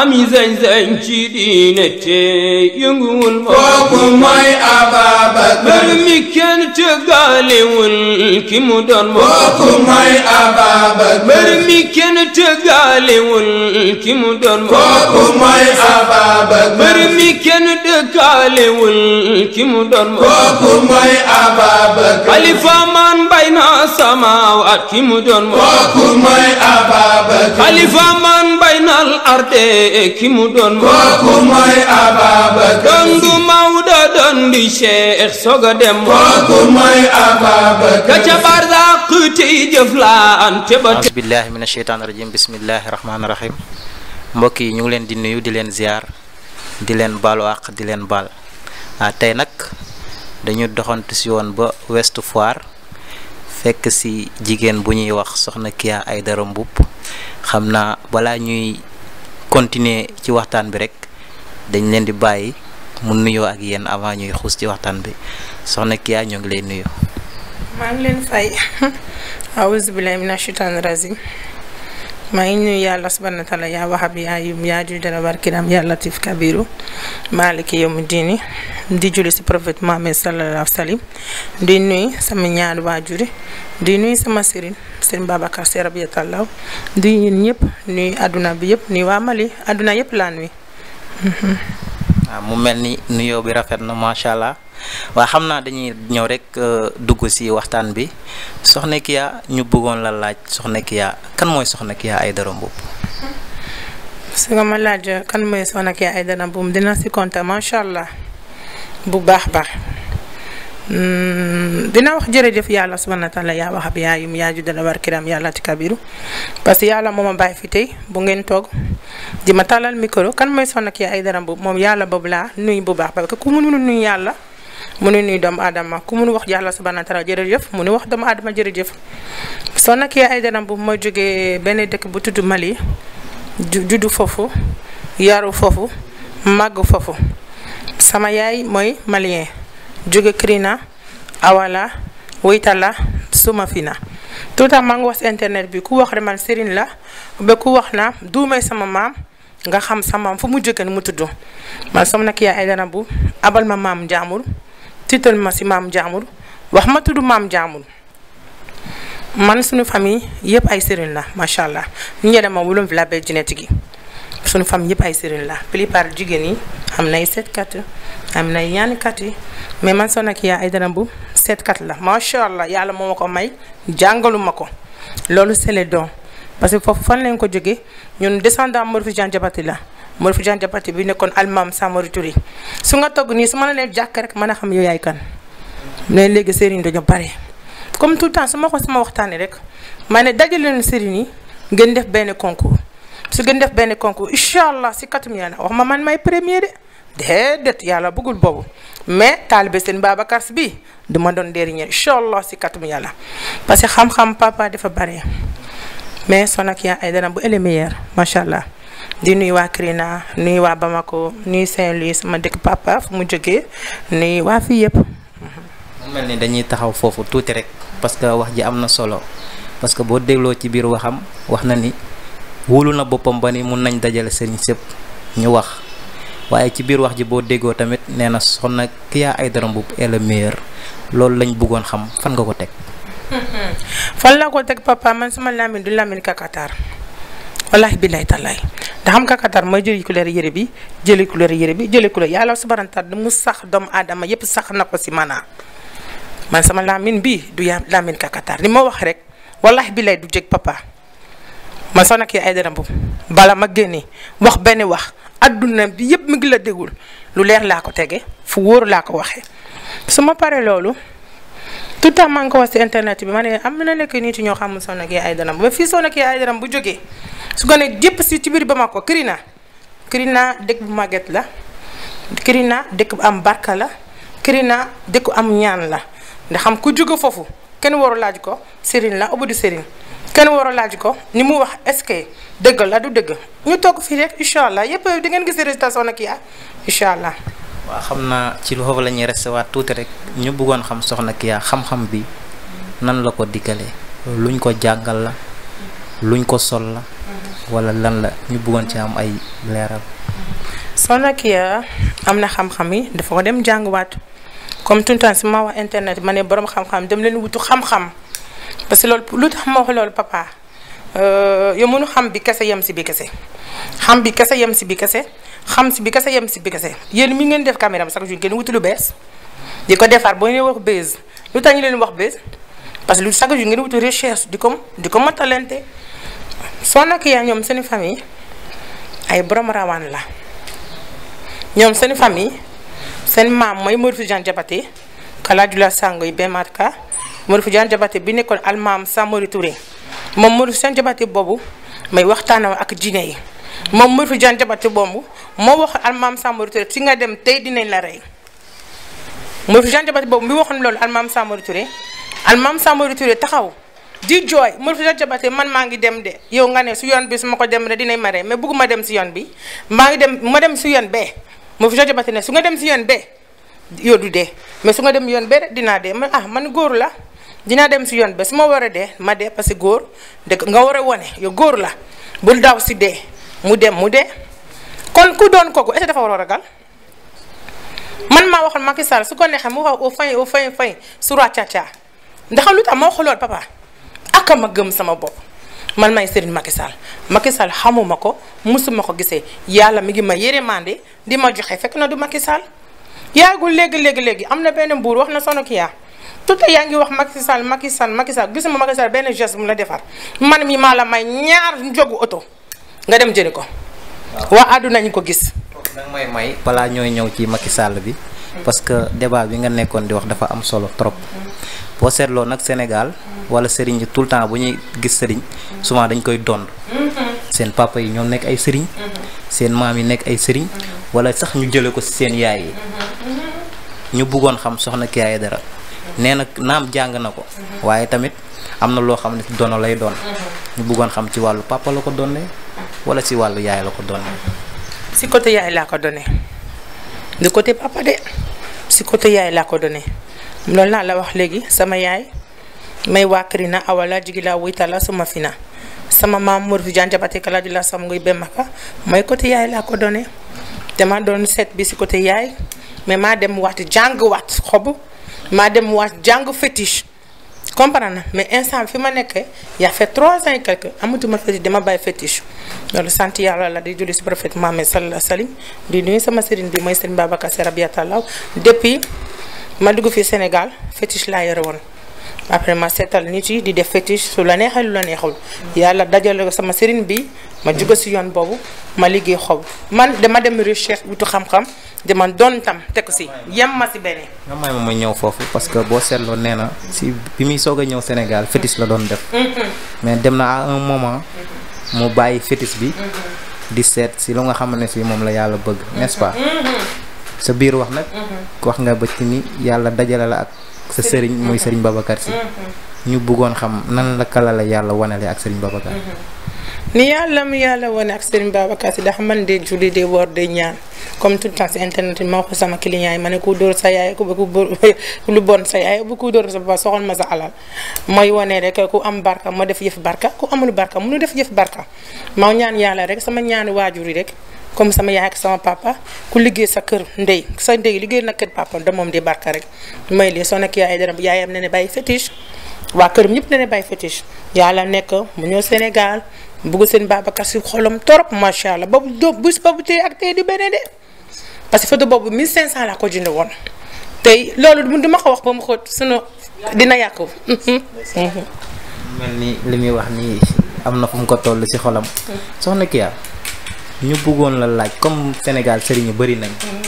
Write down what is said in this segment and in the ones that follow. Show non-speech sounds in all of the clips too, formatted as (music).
am yi sañ-sañ ci mi kenn tëggaaliwul ki mu doon moom kooku mi kenn tëggaaliwul ki doon moom kooku mooy Ababacar mbër mi kenn dëkkaaliwul ki mu doon bayna samaawaat ki mu doon moo kooku mooy Ababacar xalifa man baynal arde e ki mu doon moo kooku mooy Ababacar dondu Mawda dondi Cheikh soga dem moo kooku mooy Ababacar ka ca barzaq tey jëf laante ba tey billahi min asheytaani rajim bismillahi rahmaani rahim mbokk yi ñu ngi leen di nuyu di leen ziar di leen baalu àq di leen baal ah, tey nag dañu doxantu si woon ba Ouest Foire fekk si jigéen bu ñuy wax soxna ay Aidara Mboup xam naa balaa ñuy continuer ci waxtaan bi rek dañ leen di bàyyi mu nuyoo ak yenn avant ñuy xuus ci waxtaan bi soxna Kya ñoo ngi lay nuyu. (laughs) maa ngi nuyu yàlla subhana wa taala yaa waxab yaa yum yaa ju dara barkiram yaa latif kabiru maaliki diini di julli si prophète Mohammed sallallahu salim di nuy sama ñaari waajuri di nuyu sama sëriñ sëriñ Babacar Sy rabiyatallaah di ñun ñëpp nuyu àdduna bi yëpp nuyu waa Mali àdduna yëpp laa nuyu. Ah, mu mel ni nuyoo bi rafet na macha allah. waa xam naa dañuy ñëw rek euh, dugg ci waxtaan bi soxna Kya ñu bëggoon la laaj soxna Kya kan mooy soxna Kya Aidara Mboup. su nga ma laaj kan mooy soxna Kya Aidara Mboup dina ci compter macha allah bu baax baax. Hmm, dina wax jërëjëf yàlla subhana taala yaa wax ab yaayum yaa juddala war kiram yàlla ci kabiru parce que yàlla mooma bàyyi fi tey bu ngeen toog di ma tàllal micro kan mooy Soxna Kya Aidara Mboup moom yàlla boobu laa nuyu bu baax parce que ku mu nuyu yàlla mu ne nuyu doomu aadama ku mun wax yàlla subhaana wa taala jërëjëf mu ni wax doomu aadama jërëjëf soo nag yaa ay daram bu ma jógee benn dëkk bu tudd Mali juddu foofu yaru foofu màgg foofu sama yaay mooy malien jóge Kirina Awala Woytala Somafina tout temps maa ngi wax internet bi ku wax rek man Serigne la ba ku wax na duumay sama maam nga xam sa maam fu mu jógee mu tudd man som nag yaa ay daram bu abal ma maam njaamur tiital ma si maam jaamur wax ma tudd maam jaamur man suñu famille yëpp ay sëriñ la macha allah ñu ñëwee ma wulum fi la belle génétique yi suñu famille yëpp ay sëriñ la plupart jigéen yi am na nay seetkat am nay ñaankat yi mais man soo nekk yaa ay daram bu seetkat la macha allah yàlla moom ma ko may jàngalu ma ko loolu c'est le don parce que foofu fan lañ ko jógee ñun descendant Mor Fidjan Jabati la. moo fu Jean Diapaté bi nekkoon almaam Samori Touré su nga togg nii su ma la leen jàkk rek mën a xam yooyu yaay kan mais léegi sëriñ dañu bare comme tout temps su ma ko sama waxtaanee rek ma ne dajale leen sëriñ yi ngeen def benn concours su ngeen def benn concours incha allah si katum yàlla wax ma man may premier de déedéet yàlla bëggul boobu mais taalibe seen Babacar Sy bi du ma doon dernier incha allah si katum yàlla parce que xam-xam papa dafa bare mais son ak yaa ay dana macha allah. di nuy waa Kirina nuy waa ko nuy sen louis sama dëkk papa fu mu jógee nuy waa fii yëpp. mu mel ni dañuy taxaw foofu tuuti rek parce que wax ji am na solo parce que boo dégloo ci biir waxam wax na ni wóolu na boppam ba ni mun nañ dajale sëriñ sëpp ñu wax waaye ci biir wax ji boo déggoo tamit nee na Soxna Kya ay Mboup est le meilleur loolu lañ buggoon xam fan nga ko teg. (laughs) fan la ko teg papa man sama lamine du lamine kakatar wallahi billahi tallahi da xam nga Qatar mooy jëli couleur yére bi jëli couleur yére bi jëli couleur yàlla subhanahu wa taala mu sax doomu aadama yépp sax na ko si maanaa man sama laamin bi du yà laamin ka Qatar li ma wax rek wallahi billahi du jeg papa man soo nag ay dara bu bala ma génne wax benn wax adduna bi yépp mu ngi la dégul lu leer laa ko tege fu wóor laa ko waxee su ma paree loolu tout temps maa ngi ko wax ci internet bi ma ne am na nekk nit ñoo xamul Soxna Gaye Aidara ba fii Soxna Gaye Aidara bu jógee su ko ne jëpp si ci biir ba ma ko Kirina Kirina dëkk bu màgget la Kirina dëkk am barka la Kirina dëkk am ñaan la ndax xam ku jóge foofu kenn waru laaj ko Serigne la obu di Serigne kenn waru laaj ko ni mu wax est ce que dëgg la du dëgg ñu toog fii rek incha allah yëpp di ngeen gis résultat Soxna Gaye incha allah. waa xam naa ci foofu la ñuy resté waat tuuti rek ñu buggoon xam soxna Kya xam-xam bi nan la ko dikkalee luñ ko jàngal la luñ ko sol la wala lan la ñu buggoon ci am ay leeral. soxna Kya am na xam-xam yi dafa ko dem jànguwaat comme tout si ma wax internet ma ne borom xam-xam dem leen wutu xam-xam parce que loolu lu tax ma wax loolu papa euh, yow mënu xam bi kese yem si bi kese xam bi kese yem si bi kese. xam si bi kese yem si bi kase yéen mi ngeen def caméra am chaque jour ngeen wuti lu bees di ko defar boo ñu wax bees lu tax ñu leen wax bees parce que lu chaque jour ngeen wuti recherche di ko di ko matalante soo nak yaa ñoom seen famille ay borom rawaan la ñoom seen famille seen maam mooy Mor Fadiane Diabaté Kalajula Sango yi Bematka Mor Fadiane Diabaté bi nekkoon almaam Samori Touré moom Mor Fadiane Diabaté boobu may waxtaanam ak jinne yi. moom mbir fi janjabati bomb moo wax almaam Samba Touré fi nga dem tey dinañ la rey mbir fi janjabati bomb bi waxoon loolu almaam Samba Touré almaam Samba Touré taxaw di jooy mbir fi janjabati man maa ngi dem de yow nga ne su yoon bi su ma ko dem de dinañ ma rey mais bëgguma dem si yoon bi maa ngi dem ma dem si yoon bee mbir fi janjabati ne su nga dem si yoon bee yow du de mais su nga dem yoon bee dinaa de man ah man góor la dina dem si yoon bee su ma war a dee ma dee parce que góor de nga war a wane yow góor la bul daaw si de mu dem mu de kon ku doon kooku est-ce que dafa war a ragal man maa waxoon Macky Sall su ko neexee mu wax au fin au fin fin sura caca ndax lu tax ma wax loolu papa ak ma gëm sama bopp man may Serigne Macky Sall Macky Sall xamuma ko musuma ko gisee yàlla mi ngi ma yëremande di ma joxe fekk na du Macky Sall yaagul léegi léegi léegi am na benn mbuur wax na sono ki yaa yaa ngi wax Macky Sall Macky Sall Macky Sall gisuma Macky Sall benn geste mu la defar man mi maa la may ñaar njogu oto. nga dem jëli ko. waa àdduna ñu ko gis. nag may ñooy ñëw ci Macky sàll bi. parce que débat bi nga nekkoon di wax dafa am solo trop. boo seetloo nag Sénégal. wala sëriñ yi tout le temps bu ñuy gis sëriñ. souvent dañ koy dond. seen papa yi ñoom nekk ay sëriñ. seen maam yi nekk ay sëriñ. wala sax ñu jëlee ko si seen yaay yi. ñu buggoon xam soxna Kya Aidara. nee na naam jàng na ko. waaye tamit am na loo xam ne dono lay doon. ñu bëggoon xam ci wàllu papa la ko doonee. wala si wàllu yaay la ko doon si côté yaay laa ko donné du côté papa de si côté yaay laa ko donné loolu laa la wax léegi sama yaay may waa na awala jigila wuytala suma fina sama maam Mor Fidiane Diabaté kala di la sama nguy bemma ka yaay laa ko donné dama doon seet bi si côté yaay mais maa dem waat jàng waat xobu maa dem waat jàng fétiche comprendre na mais instant fi ma nekkee yaa fet trois ans et quelque amatuma fétiche dama bàyyi fétiche loolu sant yàlla la di julli si prophète Mohamed sallallahu alayhi wa sallam di nuyu sama sëriñ bi mooy sëriñ Babacar Sy Rabiatallah depuis ma dugg fi Sénégal fétiche laa yore woon après ma seetal nit yi di def fétiche su la neexee lu la neexul yàlla dajale ko sama sëriñ bi ma juga si yoon boobu ma liggéey xob man dama dem recherche wutu xam-xam dama doon tam teg si yem ma si benn. nga may ma ma ñëw foofu parce que boo seetloo nee na si bi muy soog a ñëw Sénégal fétiche la doon def. Mm-hmm. mais dem na mu bàyyi fétis bi mhm. di seet si lu nga xamal ne si moom la yàlla bëgg n'est-ce mhm. Mhm. sa biir wax nag wax nga ba ci ni yàlla dajale la ak sa sëriñ muy sëriñ Babacar si ñu bëggoon xam nan la kalale la yàlla wanale ak sëriñ Babacar ni yàlla mu yàlla wane ak Serigne Babacar Sy ndax man de julli de woor de ñaan comme tout le temps si internet bi ma ko sama client yi ma ne ku dóor sa yaay ku (laughs) lu bon sa yaay bu ku dóor sa ba soxal ma sa alal mooy wane rek ku am barka ma def yëf barka ku amul barka mënu def yëf barka ma ñaan yàlla rek sama ñaani waajur yi rek comme sama yaay ak sama papa ku liggéey sa kër ndey sa ndey liggéey na kër papa da moom di barka rek may lii soo nekk yaay dara yaayam n ne bàyyi fétiche waa këram ñëpp ne ne bàyyi fétiche yàlla nekk bëgg seen Babacar si xolam torop macha allah boobu doo bés boobu tey ak tey di beneen de parce que photo boobu 1500 laa ko jënd woon tey loolu du ma ko wax ba mu xóot sunu dina yàqu. Mhm. mel ni li muy wax nii am na fu mu ko toll si xolam. Mhm. soxna Kya ñu bëggoon la laaj comme Sénégal sëriñ yu bëri nañ. Mhm.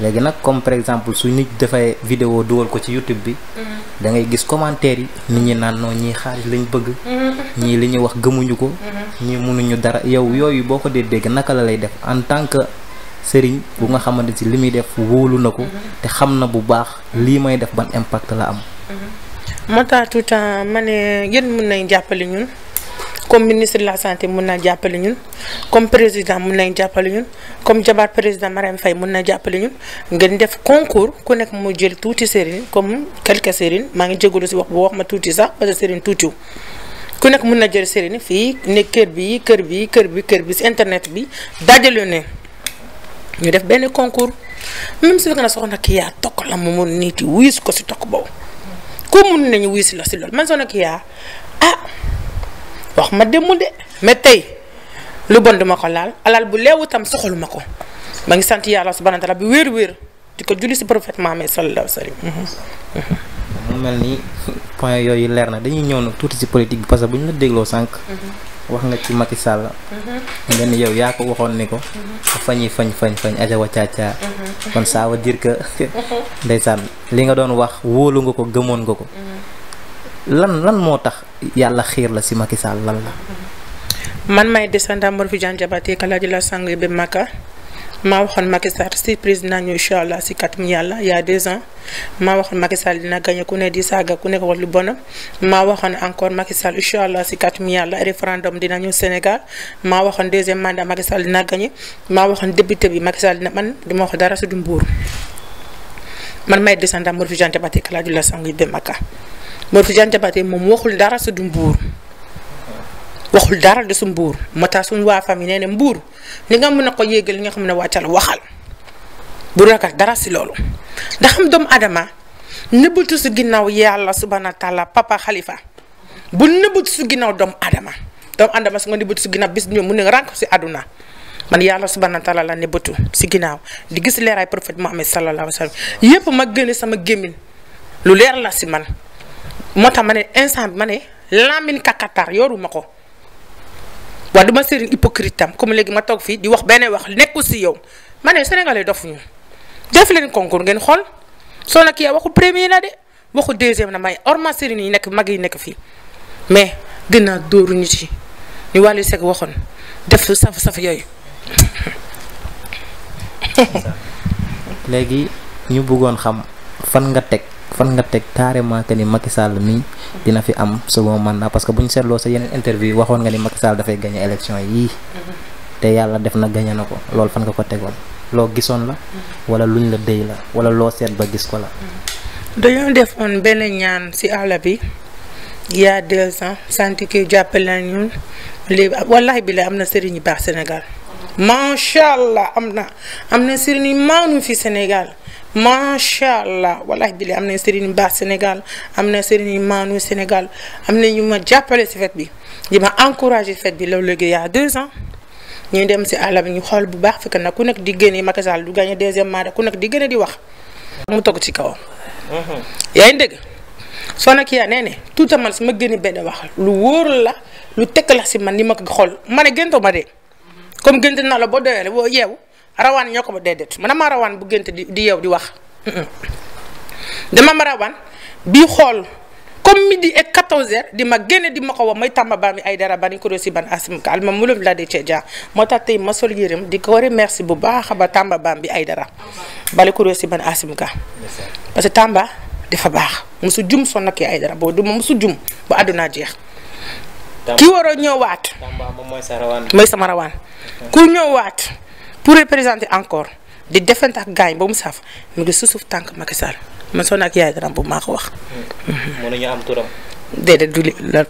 léegi nag comme par exemple su nit dafay vidéo dugal ko ci YouTube bi. Mm-hmm. da ngay gis commentaire yi. nit ñi naan noonu ñii xaalis lañ bëgg. Mm-hmm. ñii li ñuy wax gëmuñu ko. Mm-hmm. ñii mënuñu dara yow yooyu boo ko dee dégg naka la lay def en tant que sëriñ bu nga xamante si li muy def wóolu na ko. te xam na bu baax lii may def ban impact la am. moo temps ma ne yéen mën nañ jàppale ñun. comme ministre la santé mun naa jàppale ñun comme président mun nañ jàppale ñun comme jabar président Marème fay mun na jàppale ñun ngeen def concours ku nekk mu jël tuuti sëriñ comme quelques sëriñ maa ngi jégalu si wax bu wax ma tuuti sax parce que sëriñ tuutiw ku nekk mun na jël sëriñ fii ne kër bi kër bi kër bi kër bi si internet bi dajale ne ñu def benn concours même su fekkee na soxna kii yaa tokk la mu mun nit yi wiis ko si tokk boobu ku mun nañu wiis si loolu man soxna kii yaa ah. wax ma démb de ma tey lu bon duma ko laal alal bu leewu tam soxalu ma ko ma ngi sant yàlla subhanahu wa taala bi wér wér di ko julli si prophète Mahammed sallallahu alayhi wa sallam mu mel ni point yooyu leer na dañuy ñëw nag tuuti si politique bi parce que bu ñu la dégloo sànq. Mhm. wax nga ci Macky Sall. Mhm. nga ni yow yaa ko waxoon ni ko. Mhm. fañi fañ fañ fañ aja wacaacaa. kon ça veut dire que. (laughs) ndeysaan li nga doon wax wóolu nga ko gëmoon nga ko. lan lan moo tax yàlla xiir la si Macky Sall lan la. man may descendant Mor Fidiane Diabaté kala di la sang bi maa waxoon Macky Sall surprise naa ñu incha allah si kàttan yàlla y' a deux ans maa waxoon Macky Sall dina gagné ku ne di saaga ku nekk wax lu bon maa waxoon encore Macky Sall incha allah si kàttan yàlla référendum dina ñëw Sénégal maa waxoon deuxième mandat Macky Sall dina gagné maa waxoon député bi Macky Sall dina man duma wax dara su du mbuur man may descendant Mor Fidiane Diabaté kala Mor Tidiane Diabaté moom waxul dara su du mbuur waxul dara de mbuur moo tax suñu waa yi nee na mbuur li nga mën a ko yéegal li nga xam ne wàccal waxal bu ragal dara si loolu ndaxam xam doomu adama nëbbatu si ginnaaw yàlla subhana taala papa xalifa bu nëbbatu si ginnaaw doomu adama doomu adama su nga nëbbatu su ginnaaw bis ñoom mu ne rànk si àdduna man yàlla subhana taala la nëbbatu si ginnaaw di gis leeraay prophète Mohammed sallallahu alayhi wa sallam yépp ma génne sama gémmiñ lu leer la si man moo tax ma ne instant bi ma ne Lamine Kakatar yoruma ko waa du ma sëriñ hypocrite tam comme léegi ma toog fii di wax benn wax nekku si yow ma ne sénégalais dofuñu def leen concours ngeen xool soo nag yaa waxu premier la de waxu deuxième na may orma sëriñ yi nekk mag yi nekk fii mais gën a dóoru ñu si ñu wàllu seg waxoon def lu saf-saf yooyu (laughs) léegi ñu buggoon xam fan nga teg fan nga teg carrément que ni Macky mi dina fi am second mandat parce que bu ñu seetloo sa yeneen interview waxoon nga ni Macky dafay gagné élection yii te yàlla def na gagné na ko loolu fan nga ko tegoon loo gisoon la wala luñ la déy la wala loo seet ba gis ko la. dañoo defoon benn ñaan ci àll bi il y a deux ans sant kii jàppale nañu léegi wallahi bi la am na sëriñ yu baax Sénégal macha allah am na am na sëriñ yu maanu fi Sénégal. macha allah wallahi bi am na sëriñ baax Sénégal am na sëriñ maanu Sénégal am na ñu ma jàppale si fête bi di ma encouragé fête bi loolu léegi y a deux ans ñuy dem si àll bi ñu xool bu baax fekk nag ku nekk di génne Macky Sall du gagné deuxième mandat ku nekk di gën di wax. mu togg ci kawam. Mm-hmm. yaa ngi dégg soo nekk yaa nee ne tout man si ma gën a benn wax lu wóor la lu tekk la si man ni ma ko xool ma ne gëntoo ma de comme gënt naa la boo doyale boo yeewu. rawaan ñoo ko ba déedéet man ma rawaan bu gént di di yeew di wax dama ma rawaan bi xool comme midi et 14 di ma génne di ma ko wax may tàmba ba mi ay dara ba ni ko si ban asim ka alma mulum la de moo tax tey ma sol yërëm di ko remercier bu baax ba tàmba baam bi ay dara bale ko si ban asim parce que tàmba dafa baax musu jum sonn ak ay dara duma musu jum àdduna jeex. ki war a ñëwaat. tàmba mooy sama rawaan ku ñëwaat. pour représenter encore di defante ak gaañ boobu mu saaf mu ngi suuf tànk Macky Sall man soo ak yaay dara bu maa ko wax. Mm. mën nañu am turam. déedéet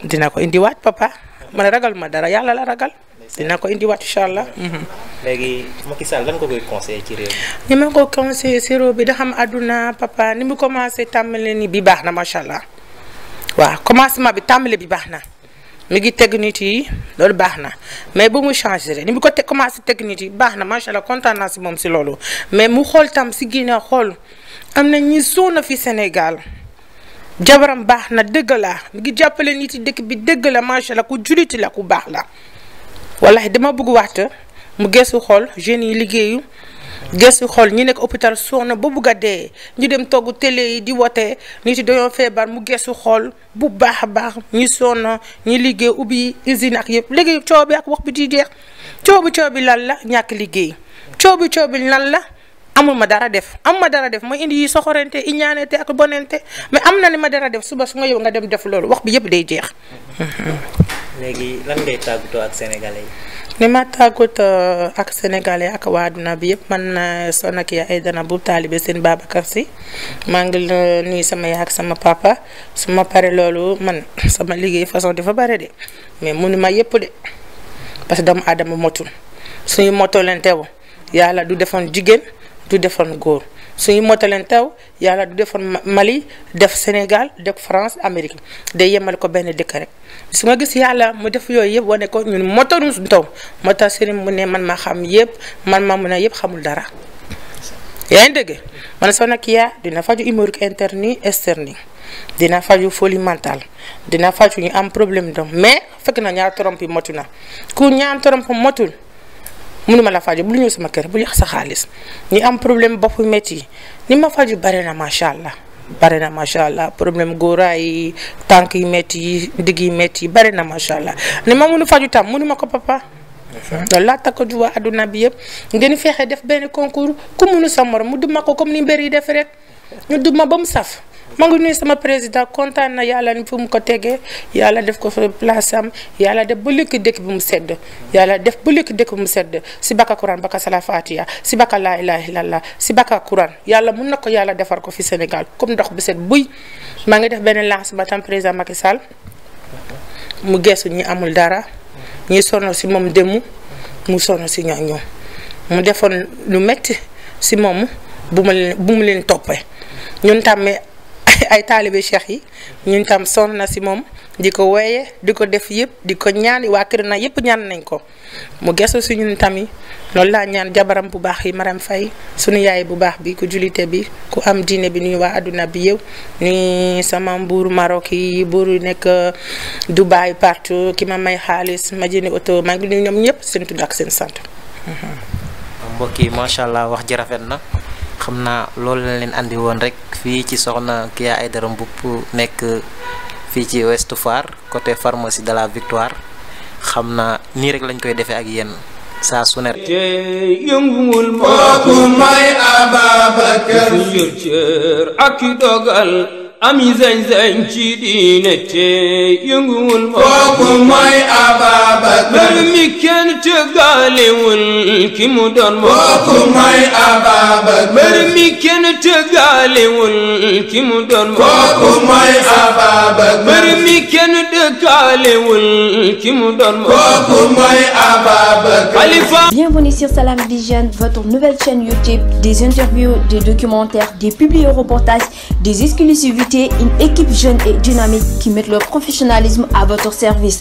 dina ko indiwaat papa man ragal ma dara yàlla la ragal. dina ko indiwaat incha allah. Mm-hmm. léegi Macky Sall lan ko koy conseillé ci réew mi. ma ko conseillé si réew bi da xam adduna papa ni mu commencé tàmmale ni bi baax na macha allah waaw commencement bi tàmmale bi baax na. mi ngi teg nit yi loolu baax na mais ba mu changé ni mu ko teg commencé teg nit yi baax na macha allah kontaan naa si moom si loolu mais mu xool tam si ginnaaw xool am na ñi suuna fi Sénégal jabaram baax na dëgg la mi ngi jàppalee nit yi dëkk bi dëgg la macha la ku juliti la ku baax la wallahi dama bugg waxta mu geesu xool jeunes yi liggéeyu gëstu xool ñi nekk hôpital sonn ba bugg a dee ñu dem togg télé yi di wote nit yi dañoo feebar mu gëstu xool bu baax a baax ñu sonn ñu liggéey ubbi usine nag yëpp léegi coow bi ak wax bi di jeex coow bi bi lan la ñàkk liggéey coow bi coow bi lan la amul ma dara def am ma dara def mooy indi yi soxorante iñaanante ak bonente mais am na li ma dara def suba su nga yow nga dem def loolu wax bi yëpp day jeex. léegi lan ngay tàggatoo ak sénégalais yi. Uh, ak sénégalais waa adduna bi yëpp man na uh, Soxna ay Aidara bu taalibe seen Babacar Sy maa ngi la uh, nuyu sama yaay ak sama papa su ma paree loolu man (coughs) sama liggéey façon dafa bare de mais mënu ma yëpp de parce que doomu aadama motul suñu motolante wu yàlla du defoon jigéen du defoon góor. suñu motaleen taw yàlla du defoon Mali def Sénégal de France Amérique day yemal ko benn dëkk rek su ma gis yàlla mu def yooyu yëpp wane ko ñun motaluñ suñu taw moo tax sëriñ mu ne man maa xam yëpp man ma mun a yëpp xamul dara. yaa ngi dégg man soo nag yaa dina faju humeur interne externe dina faju folie mentale dina faju ñu am problème donc mais fekk na ñaar trompe yi motu na ku ñaar trompe motul mënuma la faju bul ñëw sama kër bu yàq sa xaalis ñu am problème bopp métti ni ma faju bare na macha allah. bare na macha allah problème góoraay yi tànk yi métti yi digg yi métti yi bare na macha allah ne ma mënu faju tam mënu ma ko papa. loolu laa takk juwa àdduna bi yëpp ngeen fexe def benn concours ku mënu sa morom mu duma ko comme ni mbër yi def rek ñu ma ba mu saf. ma ngi nuyu sama président kontaan na yàlla ni fu mu ko tegee yàlla def ko fa place am yàlla def ba lékk dëkk bi mu sedd yàlla def ba lékk dëkk bi mu sedd si bakka Quran bakka sala fatiha si bakka laa ilaha illallah si bakka Quran yàlla mun na ko yàlla defar ko fi Sénégal comme ndox bi sedd buy maa ngi def benn lancement tam président Macky mu geesu ñi amul dara ñi sonn si moom demu mu sonn si ñoo ñoom mu defoon lu metti si moom bu ma leen bu (laughs) ay taalibe cheikh yi ñun tam sonn na si moom di ko wooye di ko def yëpp di ko ñaan waa kër na yëpp ñaan nañ ko mu gesu suñu ñun tamit noonu laa ñaan jabaram bu baax yi ma Maram fay sunu yaay bu baax bi ku julite bi ku am diine bi nuy waa àdduna bi yëw ni sama mbuur Maroc yi buur yu nekk uh, Dubaï partout ki ma may xaalis ma jënd oto maa ngi nuyu ñoom ñëpp seen tudd ak seen sant. Mm-hmm. mbokk yi allah wax ji rafet na. xam na lool la leen andi woon rek fii ci soxna Kya Aidara Mboup nekk fii ci Ouest Foire côté pharmacie dala la Victoire xam na nii rek lañ koy defee ak yéen saa su ne te yënguwul moo ku may Ababakar ak dogal ami sañ-sañ ci diine te yënguwul moom kooku mooy Ababacar mbër mi kenn tëggaaliwul ki mu doon moom kooku mooy Ababacar mbër mi kenn tëggaaliwul ki mu doon moom kooku mooy Ababacar mbër mi kenn dëkkaaliwul ki mu doon moom kooku mooy Ababacar Khalifa Bienvenue sur Salam Vision votre nouvelle chaîne YouTube des interviews des documentaires des publi-reportages des exclusivités recruter une équipe jeune et dynamique qui met leur professionnalisme à votre service.